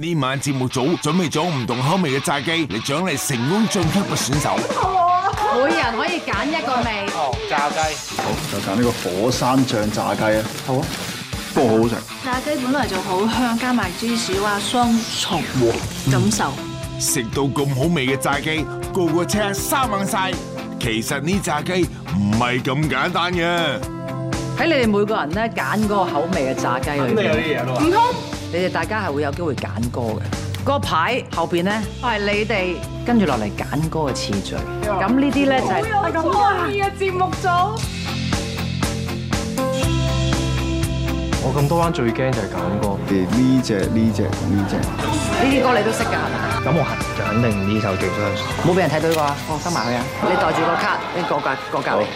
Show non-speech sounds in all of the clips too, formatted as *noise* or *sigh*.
呢晚節目組準備咗唔同口味嘅炸雞嚟獎勵成功晉級嘅選手。每人可以揀一個味。哦，炸雞，好，就揀呢個火山醬炸雞啊，好啊，不過好好食。炸雞本嚟就好香，加埋芝士啊，雙葱，感受吃這麼。食到咁好味嘅炸雞，個個車生猛晒。其實呢炸雞唔係咁簡單嘅。喺你哋每個人咧揀嗰個口味嘅炸雞，咁你有啲嘢咯。唔通你哋大家係會有機會揀歌嘅，嗰個牌後邊咧係你哋跟住落嚟揀歌嘅次序這些是這這這是。咁呢啲咧就係咁有意嘅節目組。我咁多彎最驚就係揀歌，連呢隻呢隻呢隻呢啲歌你都識㗎，係咪？咁我肯就肯定呢首最想冇俾人睇到啩，放心埋佢啊！你袋住個卡，你過格，過隔籬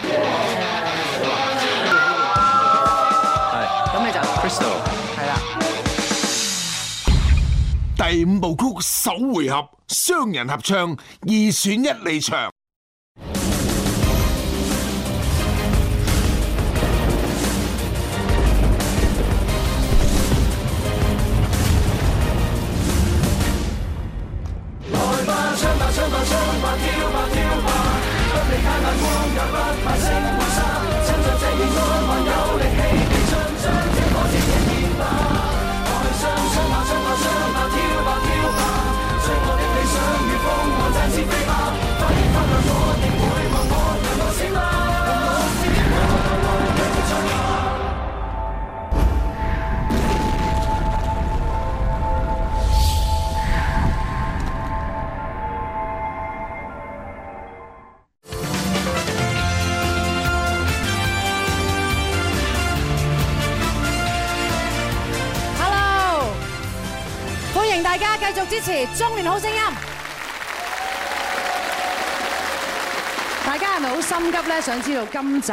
好。係對，咁你就 Crystal。第五部曲首回合，雙人合唱，二選一，離場。中年好聲音，大家係咪好心急咧？想知道今集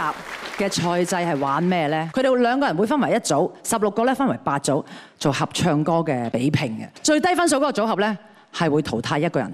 嘅賽制係玩咩咧？佢哋兩個人會分為一組，十六個咧分為八組做合唱歌嘅比拼嘅，最低分數個組合咧係會淘汰一個人。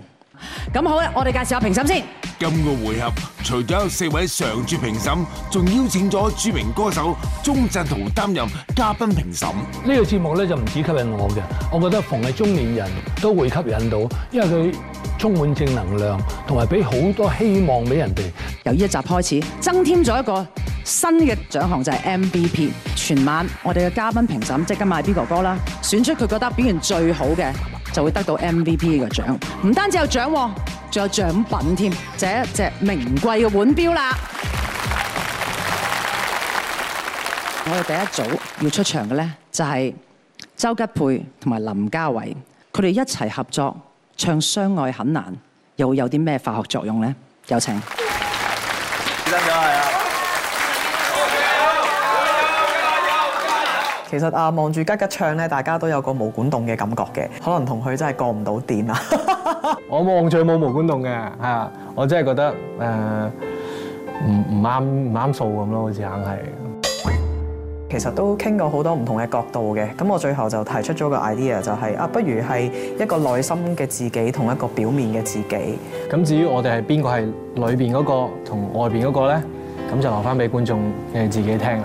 咁好我哋介紹下評審先。今個回合除咗有四位常駐評審，仲邀請咗著名歌手鐘鎮濤擔任嘉賓評審。呢個節目咧就唔止吸引我嘅，我覺得逢係中年人都會吸引到，因為佢充滿正能量，同埋俾好多希望俾人哋。由呢一集開始，增添咗一個新嘅獎項就係 MVP。全晚我哋嘅嘉賓評審即今晚麥 B 哥哥啦，選出佢覺得表現最好嘅。就會得到 MVP 嘅獎，唔單止有獎喎，仲有獎品添，就一隻名貴嘅腕錶啦。我哋第一組要出場嘅咧，就係周吉佩同埋林嘉偉，佢哋一齊合作唱《相愛很難》，又會有啲咩化學作用咧？有請。其實啊，望住吉吉唱咧，大家都有個毛管戙嘅感覺嘅，可能同佢真係過唔到電啊！ *laughs* 我望住冇毛管戙嘅，係我真係覺得誒唔唔啱唔啱數咁咯，好似硬係。其實都傾過好多唔同嘅角度嘅，咁我最後就提出咗個 idea，就係啊，不如係一個內心嘅自己同一個表面嘅自己。咁至於我哋係邊個係裏邊嗰個同外邊嗰個咧？咁就留翻俾觀眾誒自己聽啦。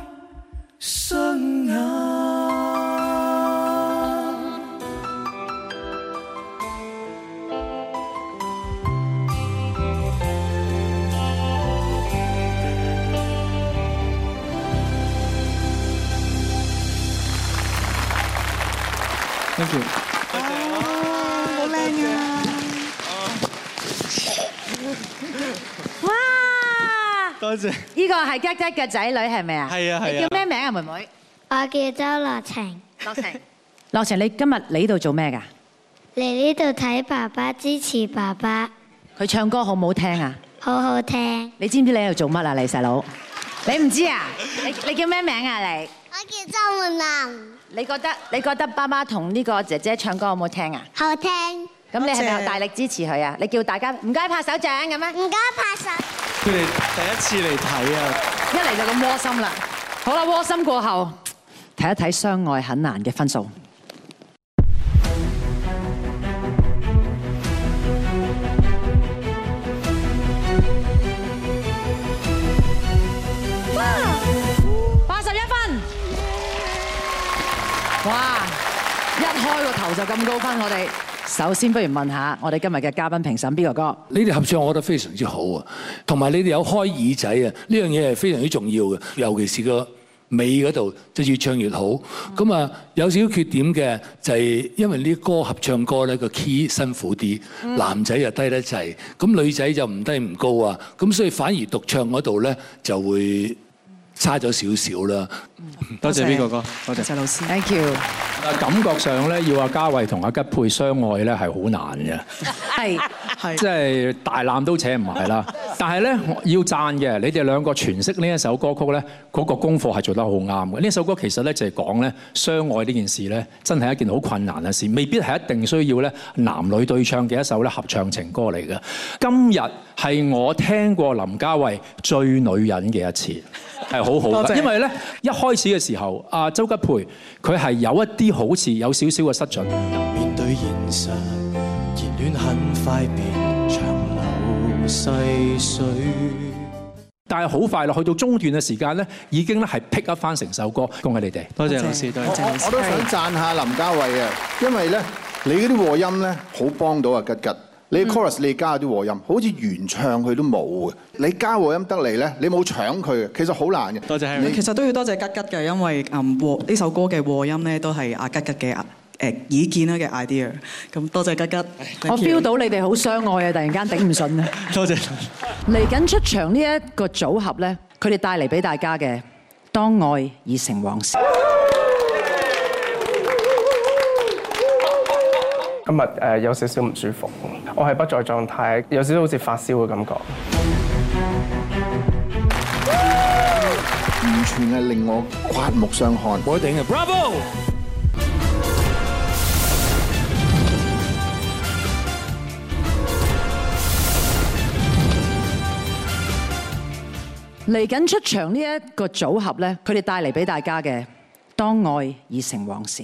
呢個係吉吉嘅仔女係咪啊？係啊係啊。你叫咩名啊妹妹？我叫周樂晴。樂晴。樂晴，你今日嚟呢度做咩㗎？嚟呢度睇爸爸，支持爸爸。佢唱歌好唔好聽啊？好好聽。你知唔知你喺度做乜啊你細佬？你唔知啊？你你，你叫咩名啊你？我叫周文林。你覺得，你覺得爸爸同呢個姐姐唱歌好唔好聽啊？好聽。好聽。咁你係咪又大力支持佢啊？棒你叫大家唔該拍手掌，咁樣？唔該拍手。佢哋第一次嚟睇啊！一嚟就咁窩心啦。好啦，窩心過後，睇一睇相愛很難嘅分數。八十一分。哇！一開個頭就咁高分，我哋。首先，不如問下我哋今日嘅嘉賓評審邊個歌？你哋合唱，我覺得非常之好啊！同埋你哋有開耳仔啊，呢樣嘢係非常之重要嘅。尤其是個尾嗰度，即係越唱越好。咁啊、嗯，有少少缺點嘅就係、是、因為呢啲歌合唱歌咧個 key 辛苦啲，嗯、男仔又低得滯，咁女仔就唔低唔高啊。咁所以反而獨唱嗰度咧就會差咗少少啦。多謝邊個哥，多謝老師，謝謝謝老師，Thank you。啊，感覺上咧要阿嘉慧同阿吉佩相愛咧係好難嘅，係係，即係大纜都扯唔埋啦。但係咧要讚嘅，你哋兩個詮釋呢一首歌曲咧，嗰個功課係做得好啱嘅。呢首歌其實咧，就係講咧相愛呢件事咧，真係一件好困難嘅事，未必係一定需要咧男女對唱嘅一首咧合唱情歌嚟嘅。今日係我聽過林嘉慧最女人嘅一次，係好好，謝因為咧一開。開始嘅時候，阿周吉培佢係有一啲好似有少少嘅失準。面對現實，熱戀很快變長流細水。但係好快落去到中段嘅時間咧，已經咧係 pick up 翻成首歌，恭喜你哋！多謝，謝老師，多謝，謝老師。我都想讚下林家偉啊，因為咧你嗰啲和音咧好幫到阿吉吉。你 chorus 你加啲和音，好似原唱佢都冇嘅。你加和音得嚟咧，你冇搶佢，其實好難嘅。多謝，你其實都要多謝吉吉嘅，因為嗯呢首歌嘅和音咧都係阿吉吉嘅誒意見啦嘅 idea。咁多謝吉吉。吉吉謝謝吉吉，我 feel 到你哋好相愛啊！突然間頂唔順啊！多謝。嚟緊出場呢一個組合咧，佢哋帶嚟俾大家嘅，當愛已成往事。今日誒有少少唔舒服，我係不在狀態，有少少好似發燒嘅感覺，完全係令我刮目相看。我哋嘅 Bravo 嚟緊出場呢一個組合咧，佢哋帶嚟俾大家嘅《當愛已成往事》。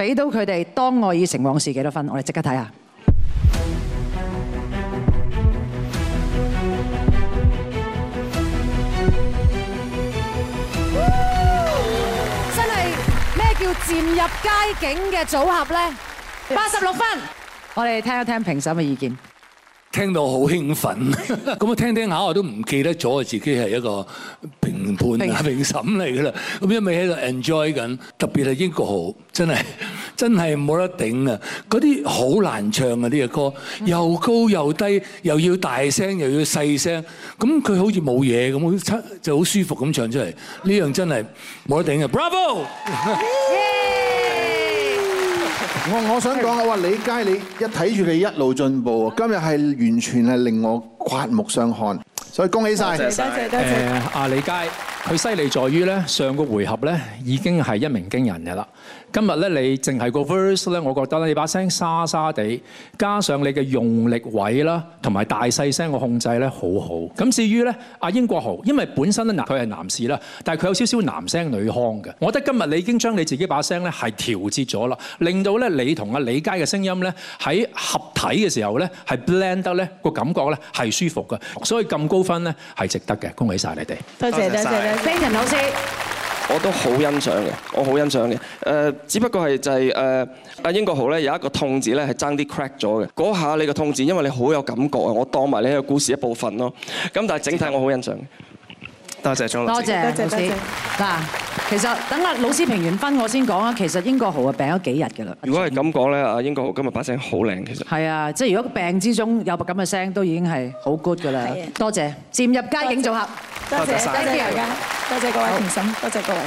俾到佢哋當愛已成往事幾多分？我哋即刻睇下。真係咩叫漸入佳境嘅組合呢？八十六分。我哋聽一聽評審嘅意見。聽到好興奮，咁我聽聽下我都唔記得咗我自己係一個評判啊評審嚟㗎啦，咁因為喺度 enjoy 緊，特別係英國豪，真係真係冇得頂啊！嗰啲好難唱呀，呢個歌，又高又低，又要大聲又要細聲，咁佢好似冇嘢咁，好就好舒服咁唱出嚟，呢樣真係冇得頂啊！Bravo！我我想講，我話李佳，你一睇住你一路進步，今日係完全係令我刮目相看，所以恭喜晒，謝謝，謝謝啊，李佳。佢犀利在於咧，上個回合咧已經係一鳴驚人嘅啦。今日咧你淨係個 verse 咧，我覺得你把聲沙沙地，加上你嘅用力位啦，同埋大細聲嘅控制咧好好。咁至於咧阿英國豪，因為本身咧佢係男士啦，但係佢有少少男聲女腔嘅。我覺得今日你已經將你自己把聲咧係調節咗啦，令到咧你同阿李佳嘅聲音咧喺合體嘅時候咧係 blend 得咧個感覺咧係舒服嘅，所以咁高分咧係值得嘅，恭喜晒你哋。多謝多謝。謝謝。Ben 老師，我都好欣賞嘅，我好欣賞嘅。誒，只不過係就係誒，阿英國豪咧有一個痛字咧係爭啲 crack 咗嘅。嗰下你個痛字，因為你好有感覺啊，我當埋你係個故事一部分咯。咁但係整體我好欣賞。多謝張老師。嗱，其實等阿老師評完分，我先講啊。其實英國豪啊病咗幾日嘅啦。如果係咁講咧，阿英國豪今日把聲好靚，其實,其實。係啊，即係如果病之中有咁嘅聲，都已經係好 good 嘅啦。多謝。漸入佳境組合謝謝。多謝曬。多謝,謝各位評審。多謝,謝各位。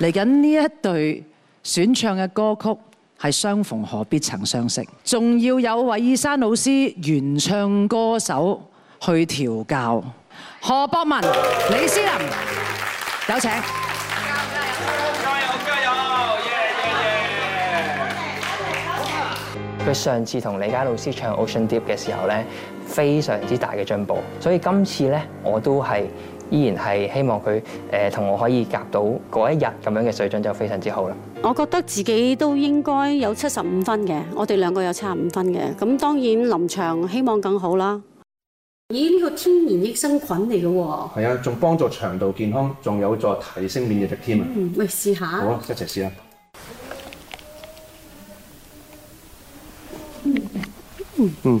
嚟緊呢一對選唱嘅歌曲係相逢何必曾相識。仲要有韋綺姍老師原唱歌手去調教。何博文、李思林，有請！加油加油！佢上次同李佳老師唱《Ocean Deep》嘅時候咧，非常之大嘅進步，所以今次咧，我都係依然係希望佢誒同我可以夾到嗰一日咁樣嘅水準就非常之好啦。我覺得自己都應該有七十五分嘅，我哋兩個有七十五分嘅，咁當然臨場希望更好啦。咦，呢個天然益生菌嚟嘅喎，係啊，仲幫助腸道健康，仲有助提升免疫力添啊！嗯，喂，試下，好啊，一齊試下！嗯嗯。嗯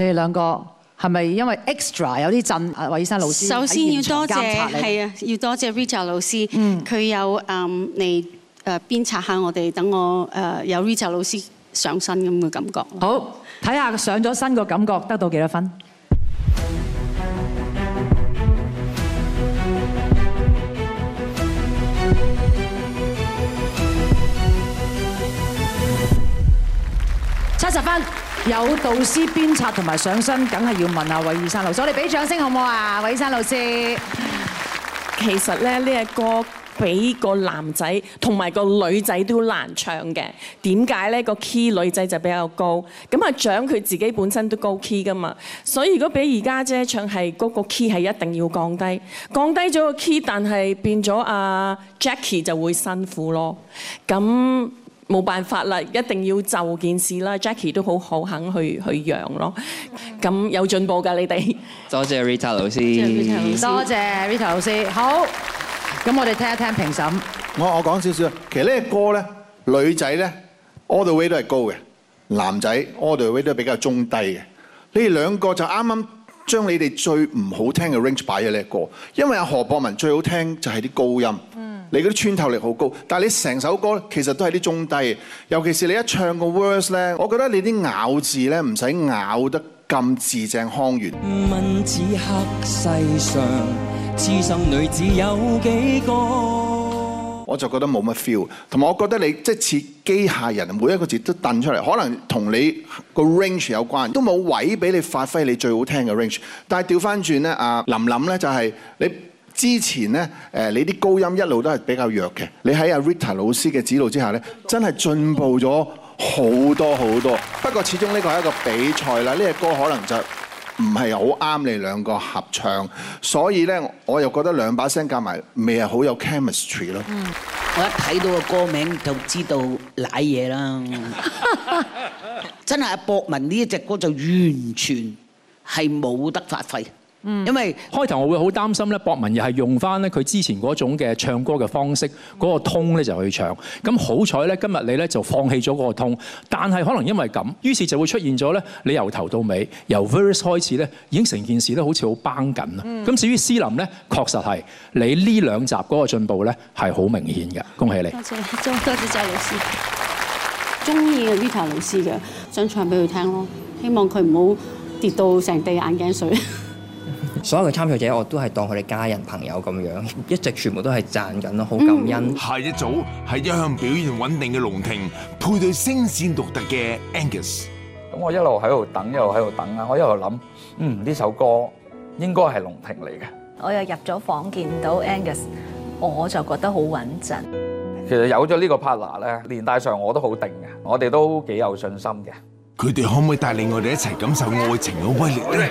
你哋兩個係咪因為 extra 有啲震？啊，魏醫生老師，首先要多謝，係啊，要多謝 Rachel 老師，佢、嗯、有嗯，你誒鞭策下我哋，等我誒有 Rachel 老師上身咁嘅感覺。好，睇下上咗身個感覺得到幾多分？七十分。有導師鞭策同埋上身，梗係要問吓，韋以山老師，我哋俾掌聲好唔好啊？韋以山老師，其實咧呢隻歌俾個男仔同埋個女仔都難唱嘅，點解呢個 key 女仔就比較高，咁啊獎佢自己本身都高 key 㗎嘛，所以如果俾而家姐唱係嗰個 key 係一定要降低，降低咗個 key，但係變咗阿 Jackie 就會辛苦咯，咁。冇辦法啦，一定要就件事啦。Jackie 都好好肯去去讓咯，咁有進步㗎，你哋。多謝 Rita 老師，多謝 Rita 老師。好，咁我哋聽一聽評審。我我講少少，其實呢個歌咧，女仔咧，All the way 都係高嘅，男仔 All the way 都係比較中低嘅。呢兩個就啱啱。將你哋最唔好聽嘅 range 擺咗呢個，因為阿何博文最好聽就係啲高音，你嗰啲穿透力好高，但係你成首歌其實都係啲中低，尤其是你一唱個 verse 咧，我覺得你啲咬字咧唔使咬得咁字正腔圓。問此刻世上痴心女子有幾個？我就覺得冇乜 feel，同埋我覺得你即係似機械人，每一個字都掟出嚟，可能同你個 range 有關，都冇位俾你發揮你最好聽嘅 range。但係調翻轉呢，阿林林呢就係你之前呢，誒你啲高音一路都係比較弱嘅，你喺阿 Rita 老師嘅指導之下呢，真係進步咗好多好多。不過始終呢個係一個比賽啦，呢隻歌可能就。唔係好啱你兩個合唱，所以呢，我又覺得兩把聲夾埋未係好有 chemistry 咯。嗯，我一睇到個歌名就知道瀨嘢啦。真係阿博文呢一隻歌就完全係冇得發揮。嗯，因為開頭我會好擔心咧，博文又係用翻咧佢之前嗰種嘅唱歌嘅方式，嗰、嗯、個通咧就去唱。咁好彩咧，今日你咧就放棄咗個通，但係可能因為咁，於是就會出現咗咧，你由頭到尾由 verse 開始咧，已經成件事都好似好繃緊啦。咁、嗯、至於思林咧，確實係你呢兩集嗰個進步咧係好明顯嘅，恭喜你。多謝多謝周老師。中意 Vita 老師嘅，想唱俾佢聽咯，希望佢唔好跌到成地眼鏡水。所有嘅參賽者我都係當佢哋家人朋友咁樣，一直全部都係讚緊咯，好感恩。下一組係一向表現穩定嘅龍庭，配對聲線獨特嘅 Angus。咁我一路喺度等，一路喺度等啊！我一路諗，嗯，呢首歌應該係龍庭嚟嘅。我又入咗房見到 Angus，我就覺得好穩陣。其實有咗呢個 partner 咧，連帶上我都好定嘅，我哋都幾有信心嘅。佢哋可唔可以帶領我哋一齊感受愛情嘅威力咧？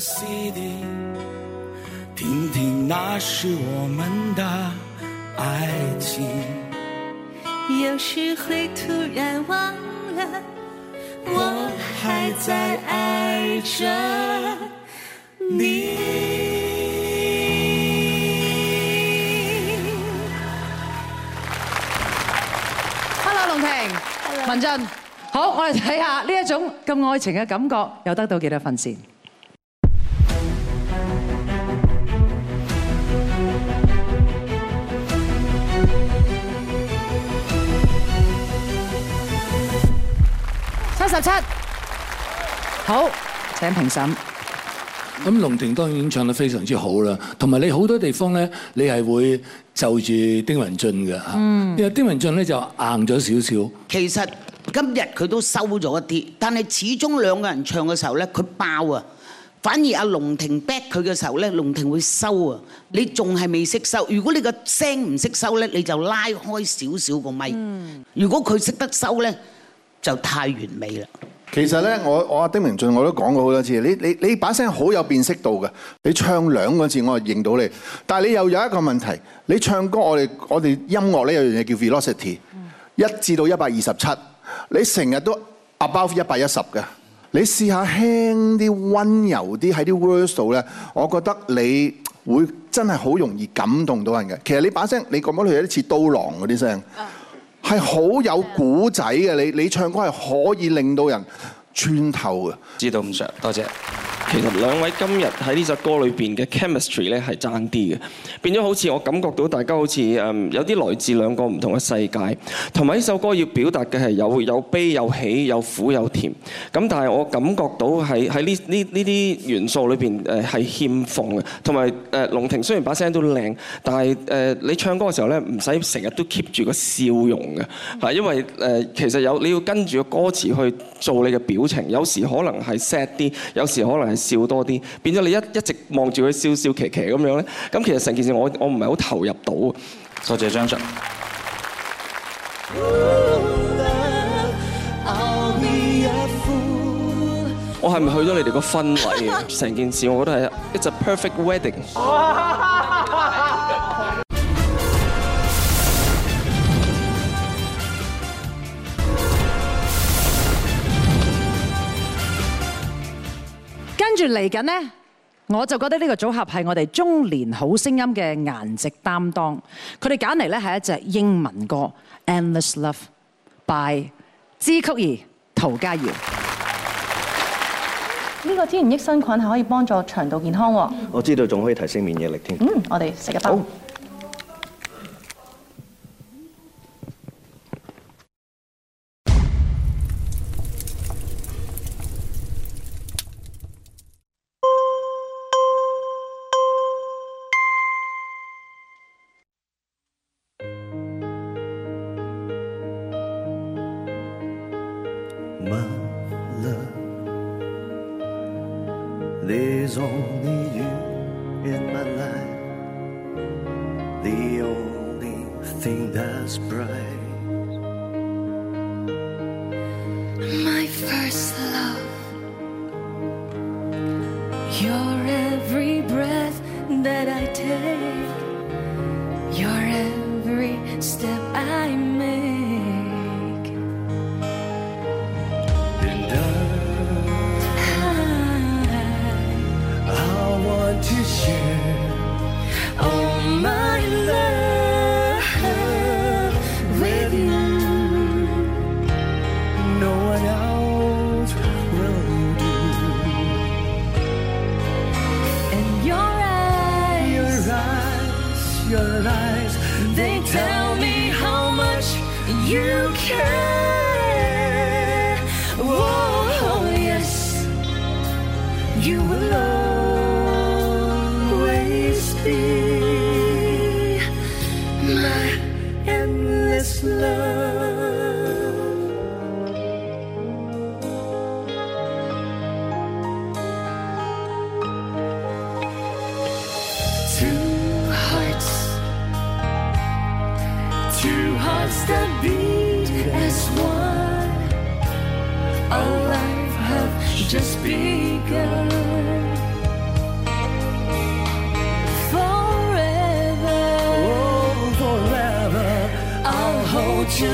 CD，聽聽那是我們的愛情。有時會突然忘了，我還在愛着你。Hello，龍婷，文俊，好，我哋睇下呢一種咁愛情嘅感覺，有得到幾多分先？十七。好，請評審。咁龍庭當然已經唱得非常之好啦，同埋你好多地方咧，你係會就住丁文俊嘅吓。因為丁文俊咧就硬咗少少。其實今日佢都收咗一啲，但係始終兩個人唱嘅時候咧，佢爆啊。反而阿龍庭 back 佢嘅時候咧，龍庭會收啊。你仲係未識收？如果你個聲唔識收咧，你就拉開少少個咪。如果佢識得收咧。就太完美啦！其實咧，我我阿丁明俊我都講過好多次，你你你把聲好有辨識度嘅，你唱兩個字，我係認到你。但係你又有一個問題，你唱歌我哋我哋音樂呢，有樣嘢叫 velocity，一至到一百二十七，你成日都 above 一百一十嘅。你試下輕啲、温柔啲喺啲 verse 度咧，我覺得你會真係好容易感動到人嘅。其實你把聲你覺唔覺佢有啲似刀郎嗰啲聲？啊。係好有古仔嘅，你你唱歌係可以令到人穿透嘅。知道唔上，多謝，謝。其實兩位今日喺呢首歌裏邊嘅 chemistry，咧係爭啲嘅，變咗好似我感覺到大家好似誒有啲來自兩個唔同嘅世界，同埋呢首歌要表達嘅係有有悲有喜有苦有甜。咁但係我感覺到喺喺呢呢呢啲元素裏邊誒係欠奉嘅，同埋誒龍庭雖然把聲都靚，但係誒你唱歌嘅時候咧唔使成日都 keep 住個笑容嘅，係因為誒其實有你要跟住個歌詞去做你嘅表情，有時可能係 sad 啲，有時可能係多笑多啲，變咗你一一直望住佢笑笑琪琪咁樣咧，咁其實成件事我我唔係好投入到。多謝張 Sir，我是不是。我係咪去咗你哋個婚禮？成件事我覺得係。一隻 perfect wedding。 *laughs* 跟住嚟緊呢，我就覺得呢個組合係我哋中年好聲音嘅顏值擔當。佢哋揀嚟咧係一隻英文歌《Endless Love》by 之曲兒陶家耀。呢個天然益生菌係可以幫助腸道健康喎。我知道仲可以提升免疫力添。嗯，我哋食一包。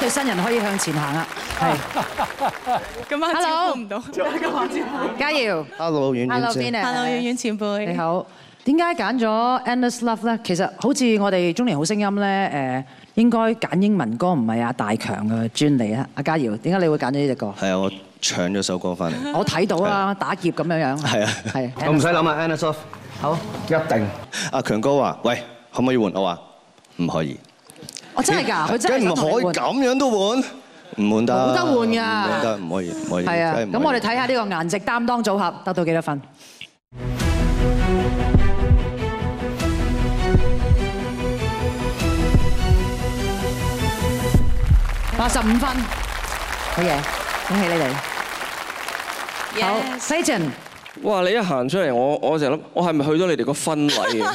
對新人可以向前行啦，係。咁阿芝估唔到，阿家耀。Hello，遠遠。Hello，邊啊？Hello，遠遠前輩，你好。點解揀咗《Endless Love》咧？其實好似我哋中年好聲音咧，誒應該揀英文歌唔係阿大強嘅專利啊！阿家耀，點解你會揀咗呢隻歌？係啊，我搶咗首歌翻嚟。我睇到啊，打劫咁樣樣。係啊，係。我唔使諗啊，《Endless Love》。好，一定。阿強哥話：喂，可唔可以換？我話唔可以。我真係㗎，佢真係咁換。唔可以咁樣都換，唔換得。唔得換㗎。唔得，唔可以，唔可以。係啊，咁我哋睇下呢個顏值擔當組合得到幾多分？八十五分，好嘢，恭喜你哋。好，Sergeant。哇，你一行出嚟，我我成日諗，我係咪去咗你哋個分位啊？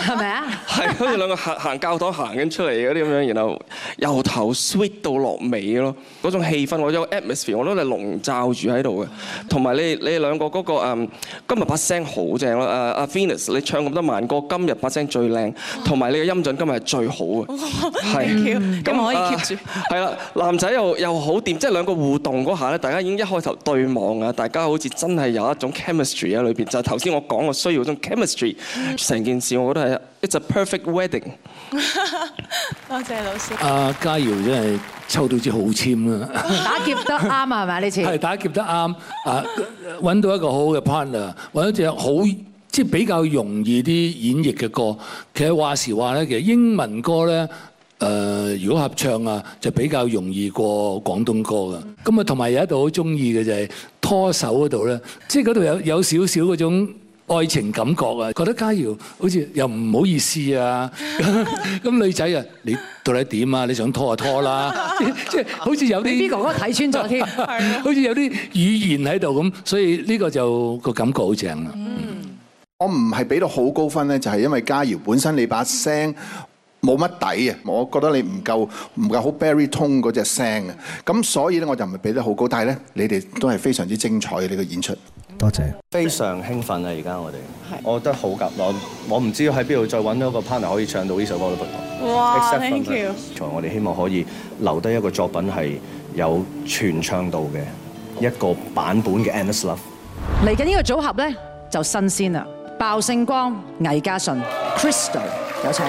係咪啊？係，好似兩個行行教堂行緊出嚟嗰啲咁樣，然後由頭 sweet 到落尾咯，嗰種氣氛，嗰種 atmosphere，我都係籠罩住喺度嘅。同埋你你哋兩個嗰個誒，今日把聲好正啦！誒，阿 Venus，你唱咁多慢歌，今日把聲最靚，同埋你嘅音準今日係最好嘅。係，咁可以 keep 住。係啦，男仔又又好掂，即係兩個互動嗰下咧，大家已經一開頭對望啊，大家好似真係有一種 chemistry 喺裏邊，就係頭先我講我需要嗰種 chemistry。成件事我覺得。It's a perfect wedding。多 *laughs* 謝，謝老師。阿嘉瑤真係抽到支好籤啦 *laughs* 打劫得啱啊，係咪？呢次係打劫得啱。啊，揾到一個好好嘅 partner，揾一隻好即係比較容易啲演繹嘅歌。其實話時話咧，其實英文歌咧，誒如果合唱啊，就比較容易過廣東歌㗎。咁啊、嗯，同埋有一度好中意嘅就係、是、拖手嗰度咧，即係嗰度有有少少嗰種。愛情感覺啊，覺得嘉瑤好似又唔好意思啊，咁 *laughs* 女仔啊，你到底點啊？你想拖就拖啦，即係 *laughs* 好似有啲，B 哥哥睇穿咗添， *laughs* 好似有啲語言喺度咁，所以呢個就個感覺好正啦。嗯，我唔係俾到好高分咧，就係因為嘉瑤本身你把聲。冇乜底啊！我覺得你唔夠，唔夠好 baritone 嗰隻聲啊！咁所以咧，我就唔係俾得好高。但係咧，你哋都係非常之精彩嘅你個演出。多謝。非常興奮啊！而家我哋，我覺得好夾。我我唔知喺邊度再揾到個 partner 可以唱到呢首歌。哇！Thank you。在，我哋希望可以留低一個作品係有全唱到嘅一個版本嘅《Endless Love》。嚟緊呢個組合咧就新鮮啦！爆勝光魏嘉信 Crystal 有請。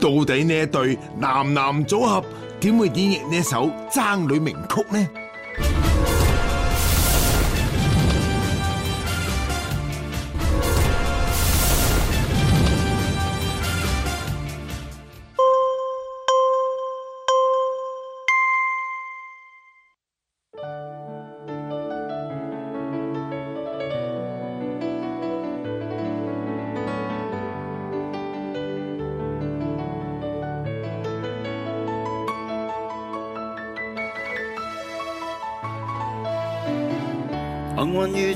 到底呢一對男男組合點會演繹呢首爭女名曲呢？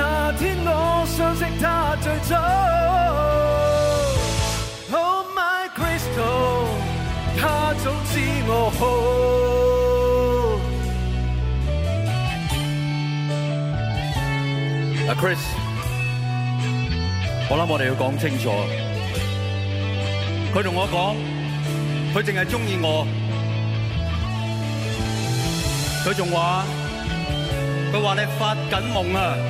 那天我相識他最早，Oh my crystal，他早知我好。阿 Chris，我諗我哋要講清楚，佢同我講，佢淨係中意我，佢仲話，佢話你發緊夢啊。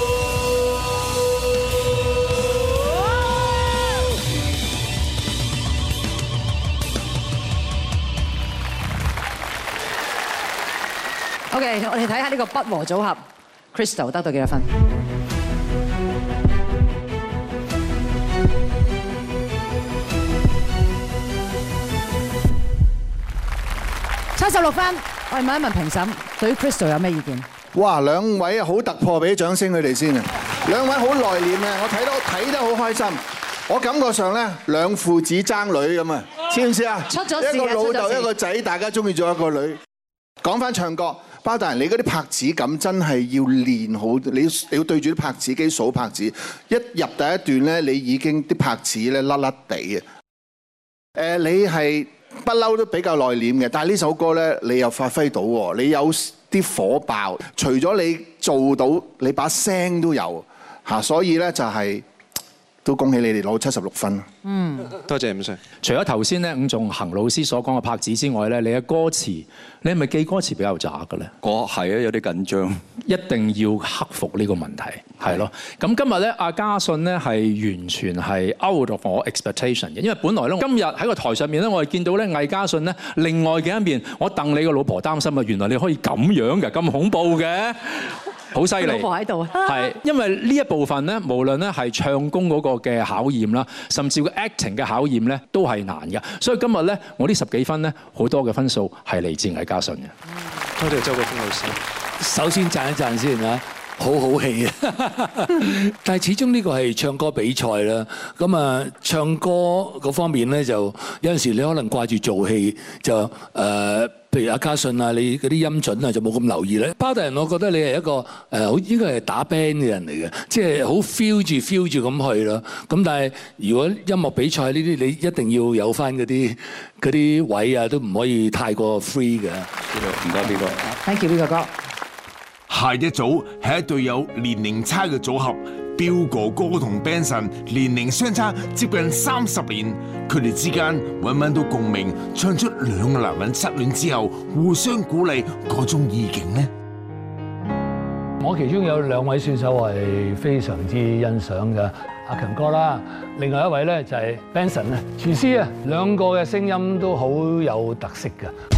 我哋睇下呢個不和組合，Crystal 得到幾多分？七十六分。我哋問一問評審，對於 Crystal 有咩意見？哇！兩位好突破，俾啲掌聲佢哋先啊！兩位好內斂啊，我睇到睇得好開心。我感覺上咧，兩父子爭女咁啊，知唔知啊？出咗一個老豆一個仔，大家中意咗一個女。講返唱歌。包大人，你嗰啲拍子感真係要練好，你要對住啲拍子機數拍子。一入第一段咧，你已經啲拍子咧甩甩地。你係不嬲都比較內斂嘅，但係呢首歌咧，你又發揮到喎，你有啲火爆。除咗你做到，你把聲都有，啊，所以呢，就是，就係。都恭喜你哋攞七十六分。嗯，多謝伍 Sir。除咗頭先咧，伍仲衡老師所講嘅拍子之外咧，你嘅歌詞，你係咪記歌詞比較渣嘅咧？我係啊，有啲緊張，嗯、一定要克服呢個問題，係咯、嗯。咁的今日咧，阿嘉信咧係完全係 out of my expectation 嘅，因為本來咧，今日喺個台上面咧，我係見到咧魏嘉信咧另外嘅一面，我戥你個老婆擔心啊，原來你可以咁樣㗎，咁恐怖嘅。 *laughs* 好犀利，係，因為呢一部分呢，無論係唱功嗰個嘅考驗啦，甚至個 acting 嘅考驗呢，都係難㗎。所以今日呢，我呢十幾分呢，好多嘅分數係嚟自魏家順嘅。多、嗯、謝，謝周國峰老師，首先讚一讚先，好好戲 *laughs* 但係始終呢個係唱歌比賽啦，咁啊唱歌嗰方面呢，就有陣時你可能掛住做戲就呃譬如阿嘉信啊，你嗰啲音準啊就冇咁留意咧。巴大人，我覺得你係一個好應該係打 band 嘅人嚟嘅，即係好 feel 住 feel 住咁去咯。咁但係如果音樂比賽呢啲，你一定要有翻嗰啲嗰啲位啊，都唔可以太過 free 嘅。thank you 呢個哥。下一組係一對有年齡差嘅組合。彪哥哥同 Benson 年齡相差接近三十年，佢哋之間穩穩都共鳴，唱出兩個男人失戀之後互相鼓勵嗰種意境咧。我其中有兩位選手係非常之欣賞嘅，阿強哥啦，另外一位咧就係、是、Benson 咧，廚師啊，兩個嘅聲音都好有特色噶。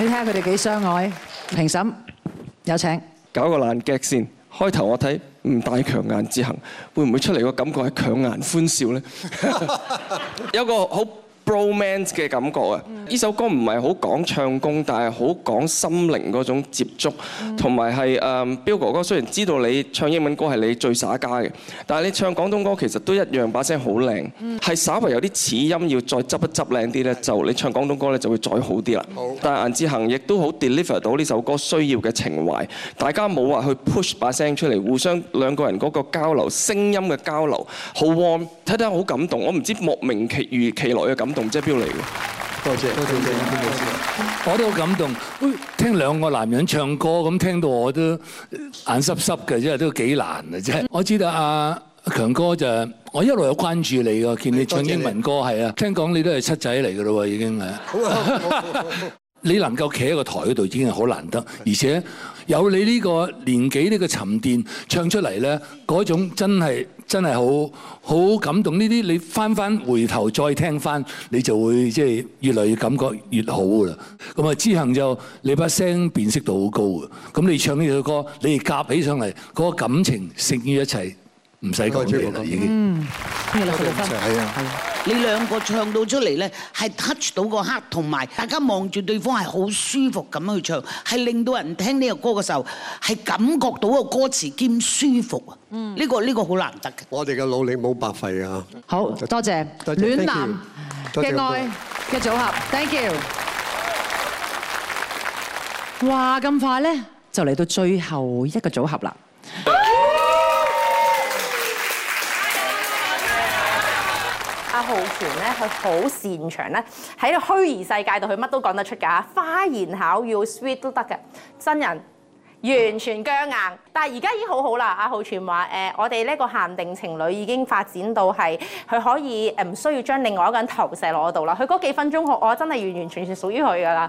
你睇下佢哋幾相愛？評審有請，搞個爛腳先。開頭我睇唔帶強顏之行，會唔會出嚟個感覺係強顏歡笑呢？有個好。Bromance 嘅感覺啊！呢首歌唔係好講唱功，但係好講心靈嗰種接觸，同埋係誒彪哥哥，雖然知道你唱英文歌係你最耍家嘅，但係你唱廣東歌其實都一樣把聲好靚，係稍微有啲齒音要再執一執靚啲咧，就你唱廣東歌咧就會再好啲啦。但係顏志恒亦都好 deliver 到呢首歌需要嘅情懷，大家冇話去 push 把聲出嚟，互相兩個人嗰個交流聲音嘅交流好 warm，睇睇好感動。我唔知莫名其餘其來嘅感動。紅質標嚟嘅，多謝多謝謝啊謝我都好感動，聽兩個男人唱歌咁，聽到我都眼濕濕嘅，因為都幾難嘅啫。我知道阿、啊、強哥就係、我一路有關注你嘅，見你唱英文歌係啊，聽講你都係七仔嚟嘅咯喎，已經啊，你能夠企喺個台度已經係好難得，而且。有你呢個年紀呢、呢個沉澱唱出嚟呢，嗰種真係真係好好感動。呢啲你翻翻回頭再聽翻，你就會即係越來越感覺越好噶啦。咁啊，之後就你把聲辨識度好高噶，咁你唱呢首歌，你夾起上嚟嗰個感情勝於一切。唔使講嘢啦，已經。嗯。你兩個唱到出嚟咧，係 touch 到個刻，同埋大家望住對方係好舒服咁樣去唱，係令到人聽呢個歌嘅時候係感覺到個歌詞兼舒服啊。嗯。呢個呢個好難得嘅。我哋嘅努力冇白費啊！好多謝。多謝。多謝。多謝。暖男嘅愛嘅組合，Thank you。哇！咁快咧，就嚟到最後一個組合啦。阿浩泉咧，佢好擅長咧，喺虛擬世界度，佢乜都講得出㗎，花言巧語 sweet 都得嘅。的真人完全僵硬，但係而家已經很好好啦。阿浩泉話：誒，我哋呢個限定情侶已經發展到係佢可以誒唔需要將另外一個人投射落度啦。佢嗰幾分鐘我我真係完完全全屬於佢㗎啦。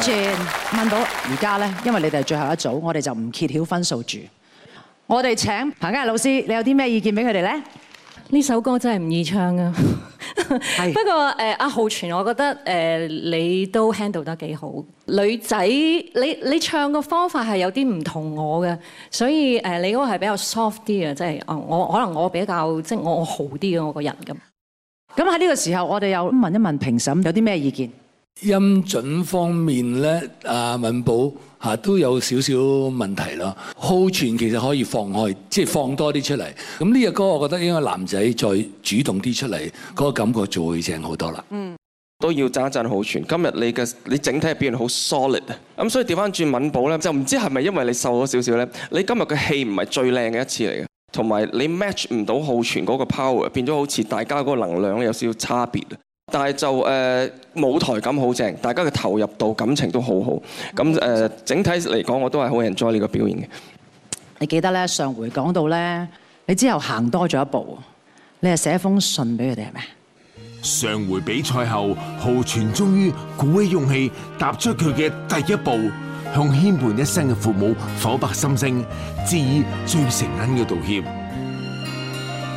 問到而家呢，因為你哋係最後一組，我哋就唔揭曉分數住。我哋請彭嘉麗老師，你有啲咩意見俾佢哋呢？呢首歌真係唔易唱。是的 *laughs* 啊！不過誒阿浩泉，我覺得誒、呃、你都 handle 得幾好女。女仔你你唱個方法係有啲唔同我嘅，所以誒你嗰個係比較 soft 啲啊，即、就、係、是、我可能我比較即係、就是、我，我好啲嘅我個人咁。咁喺呢個時候，我哋又問一問評審有啲咩意見。音準方面咧，阿敏寶嚇都有少少問題咯。浩全其實可以放開，即係放多啲出嚟。咁呢隻歌，我覺得應該男仔再主動啲出嚟，嗰個、嗯、感覺就會正好多啦。嗯，都要讚一讚浩全。今日你嘅你整體變好 solid 啊。咁所以調返轉敏寶咧，就唔知係咪因為你瘦咗少少咧？你今日嘅戲唔係最靚嘅一次嚟嘅，同埋你 match 唔到浩全嗰個 power，變咗好似大家嗰個能量有少少差別。但係就誒舞台感好正，大家嘅投入度感情都好好，咁，誒，整體嚟講我都係好 enjoy 呢個表演嘅。你記得咧，上回講到咧，你之後行多咗一步，你係寫封信俾佢哋係咪？上回比賽後，浩全終於鼓起勇氣踏出佢嘅第一步向一的，向牽絆一生嘅父母剖白心聲，致以最誠懇嘅道歉。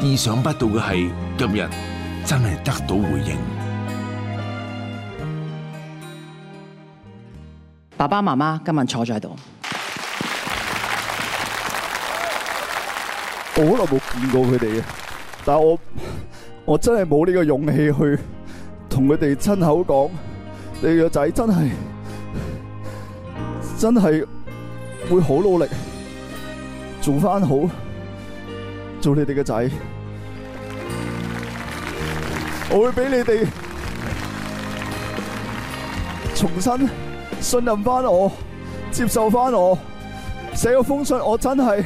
意想不到嘅係今日真係得到回應。爸爸媽媽今日坐咗喺度，我好耐冇見過佢哋嘅，但係我我真係冇呢個勇氣去同佢哋親口講，你個仔真係真係會好努力，做翻好做你哋嘅仔，我會俾你哋重新。信任翻我，接受翻我，寫個封信，我真係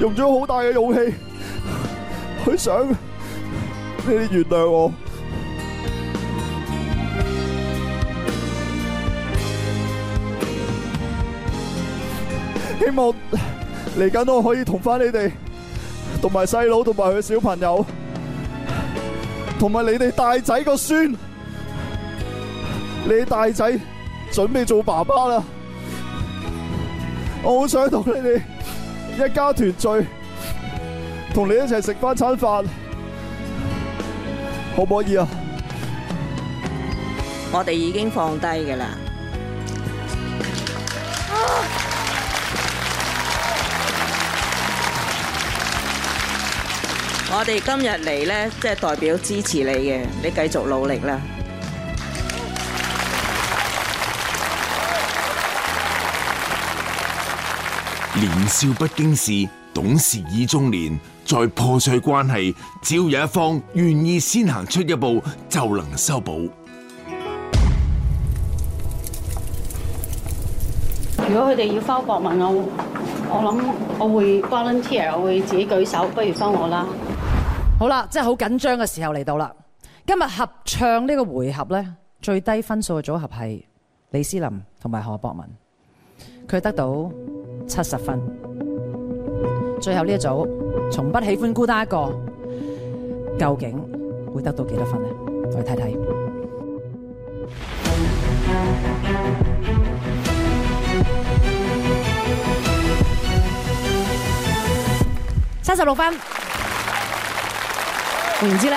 用咗好大嘅勇氣去想你哋原諒我。希望嚟緊都可以同翻你哋，同埋細佬，同埋佢小朋友，同埋你哋大仔個孫。你大仔準備做爸爸啦！我好想同你哋一家團聚，同你一齊食翻餐飯，可唔可以啊？我哋已經放低㗎喇。我哋今日嚟呢，即係代表支持你嘅，你繼續努力啦。年少不經事，懂事已中年。在破碎關係，只要有一方願意先行出一步，就能修補。如果佢哋要翻博文，我我諗我會 volunteer，我會自己舉手，不如翻我啦。好啦，即係好緊張嘅時候嚟到啦。今日合唱呢個回合呢，最低分數嘅組合係李思琳同埋何博文。佢得到七十分，最後呢一組，從不喜歡孤單一個，究竟會得到幾多分呢？我哋睇睇三十六分。換言之咧，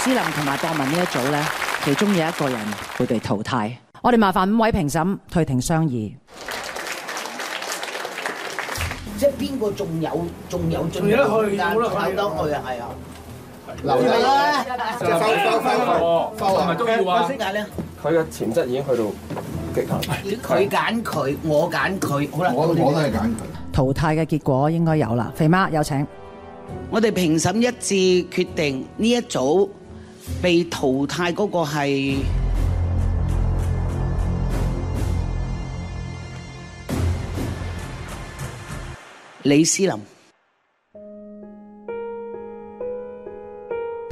詩林同埋博文呢一組咧，其中有一個人會被淘汰。我哋麻煩五位評審退庭商議。即係邊個仲有仲有進？排得去㗎，派得去係啊！劉德咧，就係收收收貨，收貨咪中意啊！先揀咧，佢嘅潛質已經去到極限。佢揀佢，我揀佢，好啦，我都我都係揀淘汰嘅結果應該有啦。肥媽有請，我哋評審一致決定呢一組被淘汰嗰個係。李思林，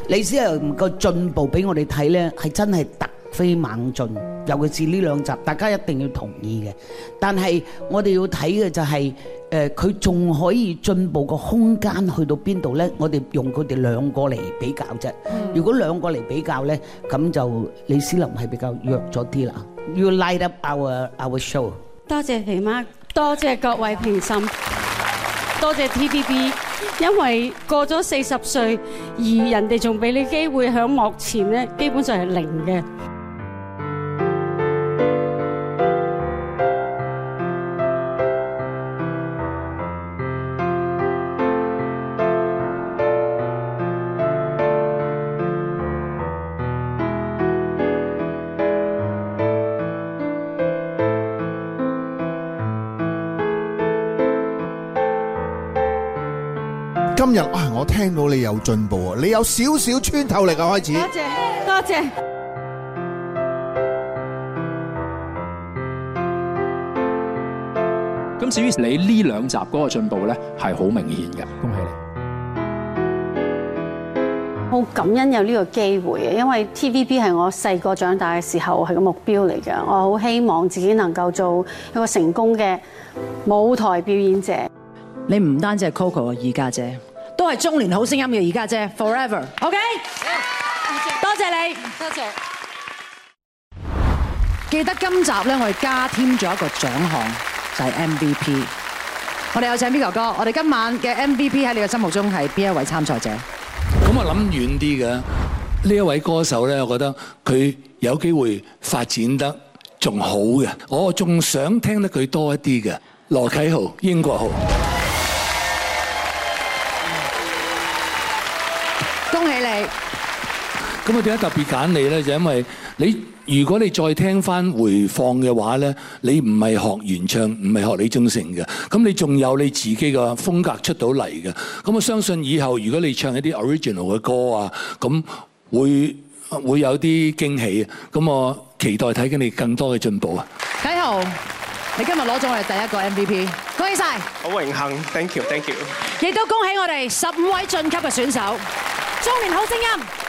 李思林又唔夠進步俾我哋睇咧，係真係突飛猛進。尤其是呢兩集，大家一定要同意嘅。但係我哋要睇嘅就係，誒，佢仲可以進步嘅空間去到邊度咧？我哋用佢哋兩個嚟比較啫。如果兩個嚟比較咧，咁就李思林係比較弱咗啲啦。You light up our our show。多謝肥媽，多謝各位評審。多謝 TVB，因為過咗四十歲，而人哋仲俾你機會喺幕前咧，基本上係零嘅。哇、哎！我聽到你有進步啊，你有少少穿透力啊，開始。多謝多謝。咁至於你呢兩集嗰個進步咧，係好明顯嘅。恭喜你！好感恩有呢個機會啊！因為 TVB 係我細個長大嘅時候係個目標嚟嘅。我好希望自己能夠做一個成功嘅舞台表演者。你唔單止係 Coco 嘅二家姐。都係中年好聲音嘅而家啫，forever，OK？多謝你，多謝。記得今集咧，我哋加添咗一個獎項，就係 MVP。我哋有請邊哥哥，我哋今晚嘅 MVP 喺你嘅心目中係邊一位參賽者？咁我諗遠啲嘅呢一位歌手咧，我覺得佢有機會發展得仲好嘅，我仲想聽得佢多一啲嘅，羅啟豪、英國豪。咁我點解特別揀你呢？就因為你，如果你再聽翻回放嘅話呢，你唔係學原唱，唔係學李宗盛嘅，咁你仲有你自己嘅風格出到嚟嘅。咁我相信以後如果你唱一啲 original 嘅歌啊，咁會會有啲驚喜嘅。咁我期待睇緊你更多嘅進步啊！啟豪，你今日攞咗我哋第一個 MVP，恭喜晒！好榮幸，thank you，thank you。亦都恭喜我哋十五位晉級嘅選手，《中年好聲音》。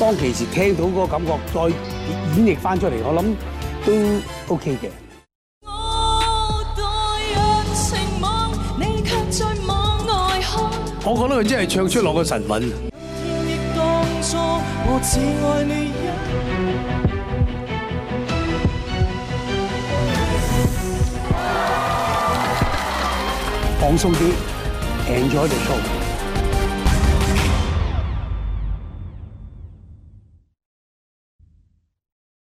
當其時聽到嗰個感覺，再演繹翻出嚟，我諗都 OK 嘅。我愛一情網，你卻在網外看。我覺得佢真係唱出落個神韻。放鬆啲，Enjoy the show。